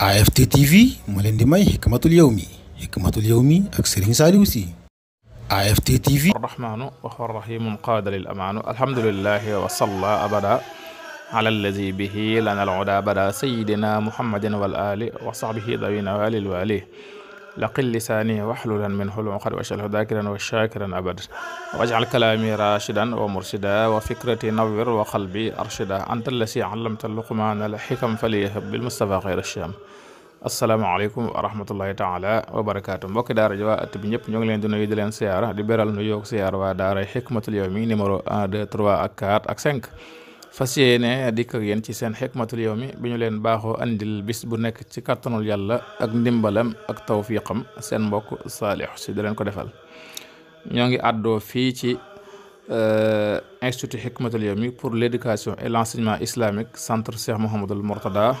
AFT TV moo leen di may xikmatul yow mi xikmatul yow mi ak Serigne Saliou Sy AFT TV arrahmanu wa huwa rahimun qaada lil amaanu alhamdulillahi wa salla abada ala allazi bihi lana al uda abada sayyidina muhammadin wal ali wa sahbihi dawina walil wali laqil lisaani waxlulan min xuluqad wacalhu dakiran wa shakiran abad wajcal kalaami rashidan wa mursida wa fikrati nawir wa qalbi arshida anta allasi allamta luqmaana alxikam faliyahab bilmustafa xayra sham asalaamaaleykum wa rahmatullahi taala wa barakaatu mbokki daara ji waa at bi ñëpp ñu ngi leen di nuyu di leen siyaara di beral nu yoog siyaar waa daara xikmatul yawmi numéro 1 2 3 ak 4 ak 5 fas yéene dikk ak yéen ci seen xikmatul mi bi ñu leen baaxoo indi bis bu nekk ci kàttanul yàlla ak ndimbalam ak tawfiqam seen mbokk Saliou si da leen ko defal ñoo ngi àddoo fii ci euh, institut xikmatul mi pour l'éducation et l'enseignement islamique centre Cheikh Mouhamadul Mourtada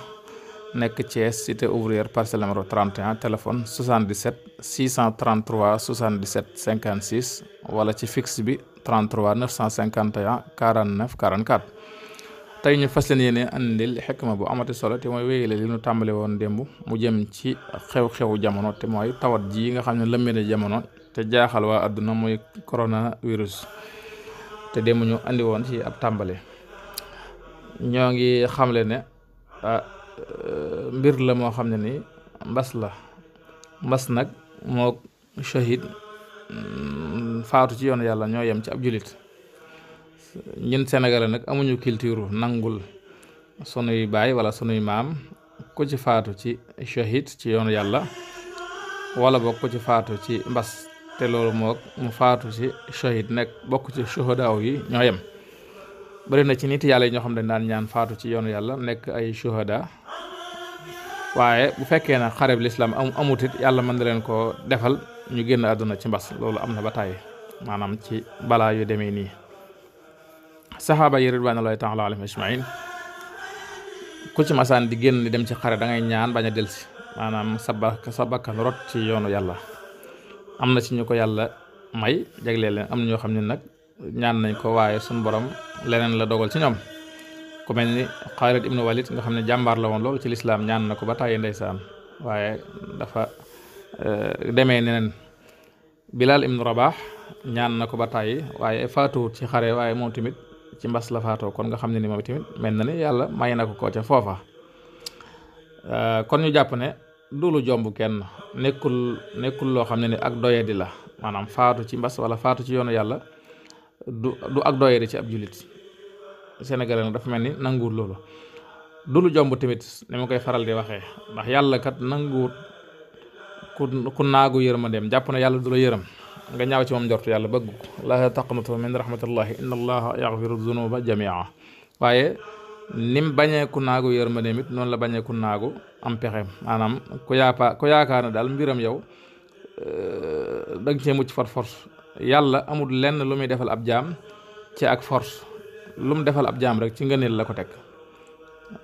nekk Thiès cité ouvrière parcelle numéro 31 téléphone 77 633 77 56 wala ci fixe bi 33 951 49 44 tey ñu fas leen yéene andil xikma bu amati solo te mooy wéyale li ñu tàmbale woon démb mu jëm ci xew-xewu jamono te mooy tawat ji nga xam ne lëmbee na jamono te jaaxal waa àdduna mooy coronavirus te démb ñu andi woon ci ab tàmbale ñoo ngi xamle ne ah, euh, mbir la moo xam ne ni mbas la mbas nag moo shahid faatu ci yoonu yàlla ñoo yem ci ab julit ñun sénégalais nag amuñu culture nangul sunuy baay wala sunuy maam ku ci faatu ci shahid ci yoonu yàlla wala boog ku ci faatu ci mbas te loolu moo mu faatu ci shahid nekk bokk ci shuhadaaw yi ñoo yem bëri na ci nit yàlla yi ñoo xam ne daan ñaan faatu ci yoonu yàlla nekk ay shuhada waaye bu fekkee na xareb lislaam am amutit yàlla mën na leen koo defal ñu génn àdduna ci mbas loolu am na ba tàyyi maanaam ci balaa yu demee nii saxaaba yi ridwaanallaahi taala alayhim ajmain ku ci masaan di génn di dem ci xare da ngay ñaan bañ a delsi maanaam sa bakk sa bakkan rot ci yoonu yàlla am na ci ñu ko yàlla may jagleel leen am na ñoo xam ne nag ñaan nañ ko waaye suñu borom leneen la dogal ci ñoom ku mel ni Xaalid ibnu Walid nga xam ne jàmbaar la woon loolu ci lislaam ñaan na ko ba tàyyi ndeysaan waaye dafa eh, demee neneen Bilaal ibnu Rabaax ñaan na ko ba tàyyi waaye faatuwut ci xare waaye moom tamit ci mbas la faatoo kon nga xam ne ni moom tamit mel na ni yàlla may na ko ko ca foofa euh, kon ñu jàpp ne du lu jomb kenn nekkul nekkul loo xam ne ni ak doyadi la maanaam faatu ci mbas wala faatu ci yoonu yàlla du du ak doyadi ci ab jullit Sénégalais nag dafa mel ni nanguwut loolu du tamit ni ma koy faral di waxee ndax yàlla kat nanguwut ku ku naagu dem jàpp na yàlla du la yërëm nga ñaaw ci moom njortu yàlla bëgg ko laa taqnatu min rahmatullahi inna allaha yaxfiru dunuba jamia waaye nim bañee ku naagu yërmandeem it noonu la bañee ku naagu am pexeem maanaam ku yaapa ku yaakaar ne daal mbiram yow euh, danga cee mucc for force yàlla amul lenn lu muy defal ab jaam ci ak force lu mu defal ab jaam rek ci ngëneel la ko teg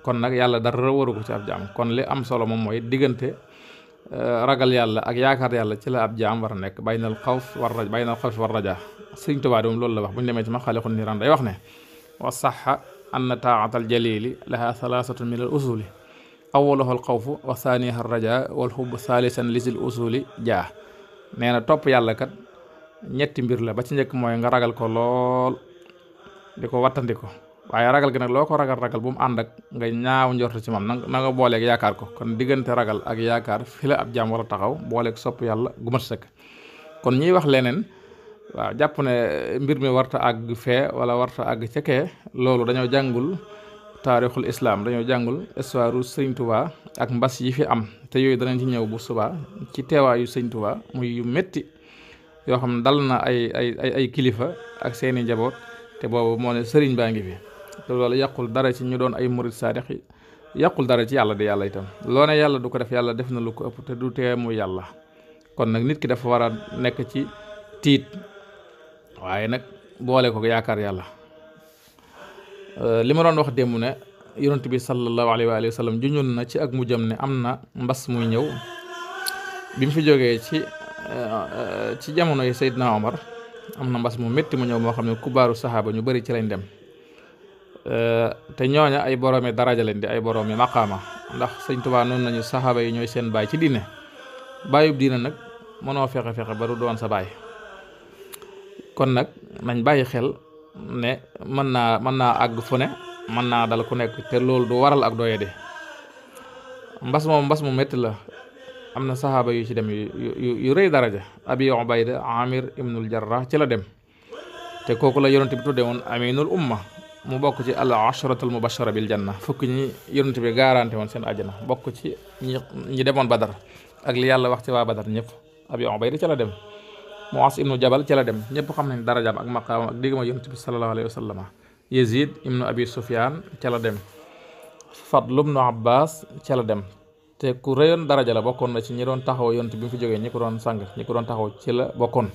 kon nag yàlla dara waru ci ab jaam kon li am solo moom mooy diggante Eh, ragal yàlla ak yaakaar yàlla ci la ab jaam war a nekk xaw xawf war raj baynal xawf war raja sëñ Tuubaa doom loolu la wax bu ñu demee ci ma xaalixul niran day wax ne wa saxa am na taaxatal laha thalaathatun min al usuli awwaluha al xawfu wa thaniha ar raja wal xubbu thalisan lisil usuli jaa nee na topp yàlla kat ñetti mbir la ba ci njëkk mooy nga ragal ko lool di ko wattandi ko waaye ragal gi nag loo ko ragal ragal bu mu ànd ak nga ñaaw njort si moom na nga booleeg yaakaar ko kon diggante ragal ak yaakaar fi la ab jaam war taxaw booleek sopp yàlla gu mat sëkk kon ñiy wax leneen waa jàpp ne mbir mi warta àgg fee wala warta àgg ca loolu dañoo jàngul taarixul islaam dañoo jàngul histoire sëñ Tuubaa ak mbas yi fi am te yooyu danañ ci ñëw bu subaa ci teewaayu sëñ Tuubaa muy yu métti yoo xam ne dal na ay ay ay kilifa ak seeni njaboot te boobu sëriñ baa ngi te loolu yàqul dara ci ñu doon ay murid saadix yi yàqul dara ci yàlla di yàlla itam loo ne yàlla du ko def yàlla def na lu ko ëpp te du tee mu yàlla kon nag nit ki dafa war a nekk ci tiit waaye nag boole ko yaakaar yàlla li ma doon wax démb ne yonent bi sallallahu alayhi wa sallam juñul na ci ak mu jëm ne am na mbas muy ñëw bi mu fi jógee ci ci jamono yi Seydina Omar am na mbas mu metti mu ñëw moo xam ne kubaaru saxaaba ñu bari ci lañ dem te ñooña ay boroomi daraja leen di ay boroomi maqaama ndax sëñ Tuubaa noonu nañu saxaaba yi ñooy seen baay ci diine baayub diine nag mënoo fexe fexe ba du doon sa baay kon nag nañ bàyyi xel ne mën naa mën naa àgg fune mën naa dal ku nekk te loolu du waral ak doye de mbas moom mbas mu metti la am na saxaaba yu ci dem yu yu rëy daraja abi ubayda amir ibnul jarrah ci la dem te kooku la yonent bi tudde woon aminul umma mu bokk ci al asharatul mubashara bil janna fukki ñi yonent bi garanti woon seen àjjana bokk ci ñi ñi demoon badar ak li yàlla wax ci waa badar ñëpp abi ubayda ca la dem muas ibnu jabal ca la dem ñëpp xam nañ darajaam ak maqaamam ak diggma yonent bi sallallahu alayhi wa sallam yazid ibnu abi sufyan ca la dem fadlu ibnu abbas ca la dem te ku réyoon daraja la bokkoon na ci ñi doon taxaw yonent bi mu fi jógee ñi ko doon sang ñi ko doon taxaw ci la bokkoon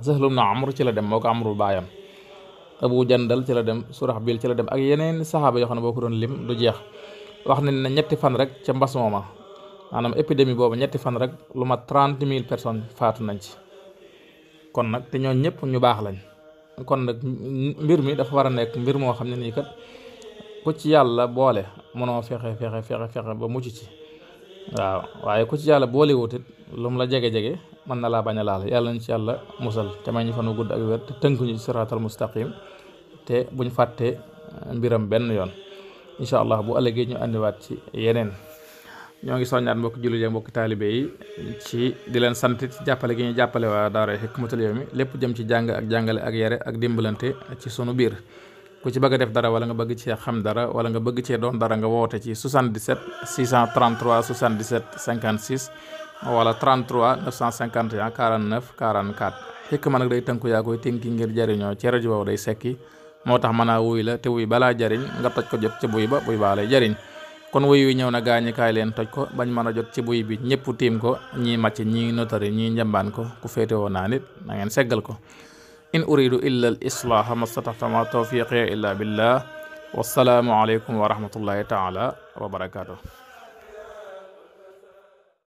sahlu ibnu amr ci la dem moo ko amrul baayam abu jandal ci la dem surax bil ci la dem ak yeneen saxaaba yoo xam ne boo ko doon lim du jeex wax nañ ne ñetti fan rek ca mbas mooma maanaam épidémie boobu ñetti fan rek lu mat trente mille personnes faatu nañ ci kon nag te ñoo ñëpp ñu baax lañ kon nag mbir mi dafa war a nekk mbir moo xam ne nii kat ku ci yàlla boole mënoo fexe fexe fexe fexe ba mucc ci waaw waaye ku ci yàlla boole wutit lu mu la jege-jege mën na laa bañ a laal yàlla ñu ci yàlla musal te may ñu fanu gudd ak wér te tënk ñu ci siraatal mustaqim te buñ fàtte eh, mbiram benn yoon incha allah bu ëllëgee ñu àndiwaat ci yeneen ñoo ngi soññaat mbokki jullit yi mbokki taalibe yi ci di leen sant ci jàppale gi ñuy jàppale waa daara Hikmatul Yawmi lépp jëm ci jàng ak jàngale ak yare ak dimbalante ci sunu biir ku ci bëgg def dara wala nga bëgg ci cee xam dara wala nga bëgg cee doon dara nga woote ci 77 633 77 56 wala 33 951 49 44 xikk ma nag day tënku yaa koy tënki ngir jariñoo ci rajo boobu day sekki moo tax mën a wuy la te wuy balaa jariñ nga toj ko jot ci buy ba buy baa lay jariñ kon wuy wi ñëw na gaañukaay leen toj ko bañ mën a jot ci buy bi ñëpp tiim ko ñii màcc ñii notari ñii njambaan ko ku féete woo naa nit na ngeen seggal ko in uridu illa al islaaha mastatama tawfiqi illa billah wassalaamu aleykum wa rahmatullahi taala wa barakatuh